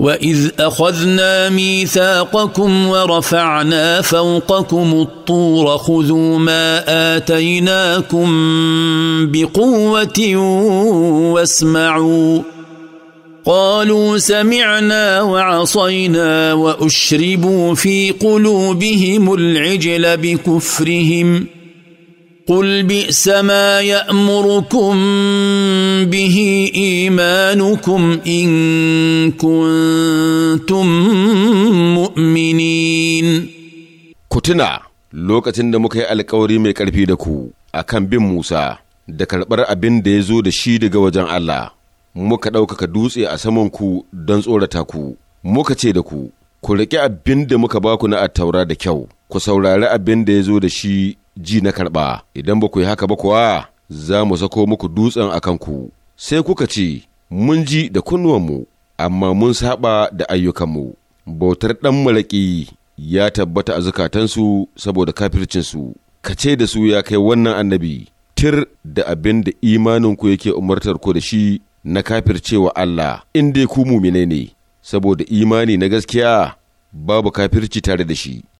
واذ اخذنا ميثاقكم ورفعنا فوقكم الطور خذوا ما اتيناكم بقوه واسمعوا قالوا سمعنا وعصينا واشربوا في قلوبهم العجل بكفرهم قل بئس ما يامركم به ايمانكم ان كنتم مؤمنين كتنا lokacin da muka yi alkawari mai ƙarfi da ku a kan bin Musa da karɓar abin da ya zo da shi daga wajen Allah, muka ɗaukaka dutse a saman ku don tsorata ku, muka ce da ku, ku riƙe abin da muka baku na attaura da kyau, ku saurari abin da ya zo da shi ji na karɓa idan ba ku yi haka ba kuwa za mu sako muku dutsen a kanku sai kuka ce mun ji da kunnuwanmu amma mun saba da ayyukanmu bautar ɗan malaki ya tabbata a zukatansu saboda kafircinsu ka ce da su ya kai wannan annabi tir da abin da imaninku yake umartar ku da shi na kafircewa Allah inda dai ku mumine ne saboda imani na gaskiya babu kafirci tare da shi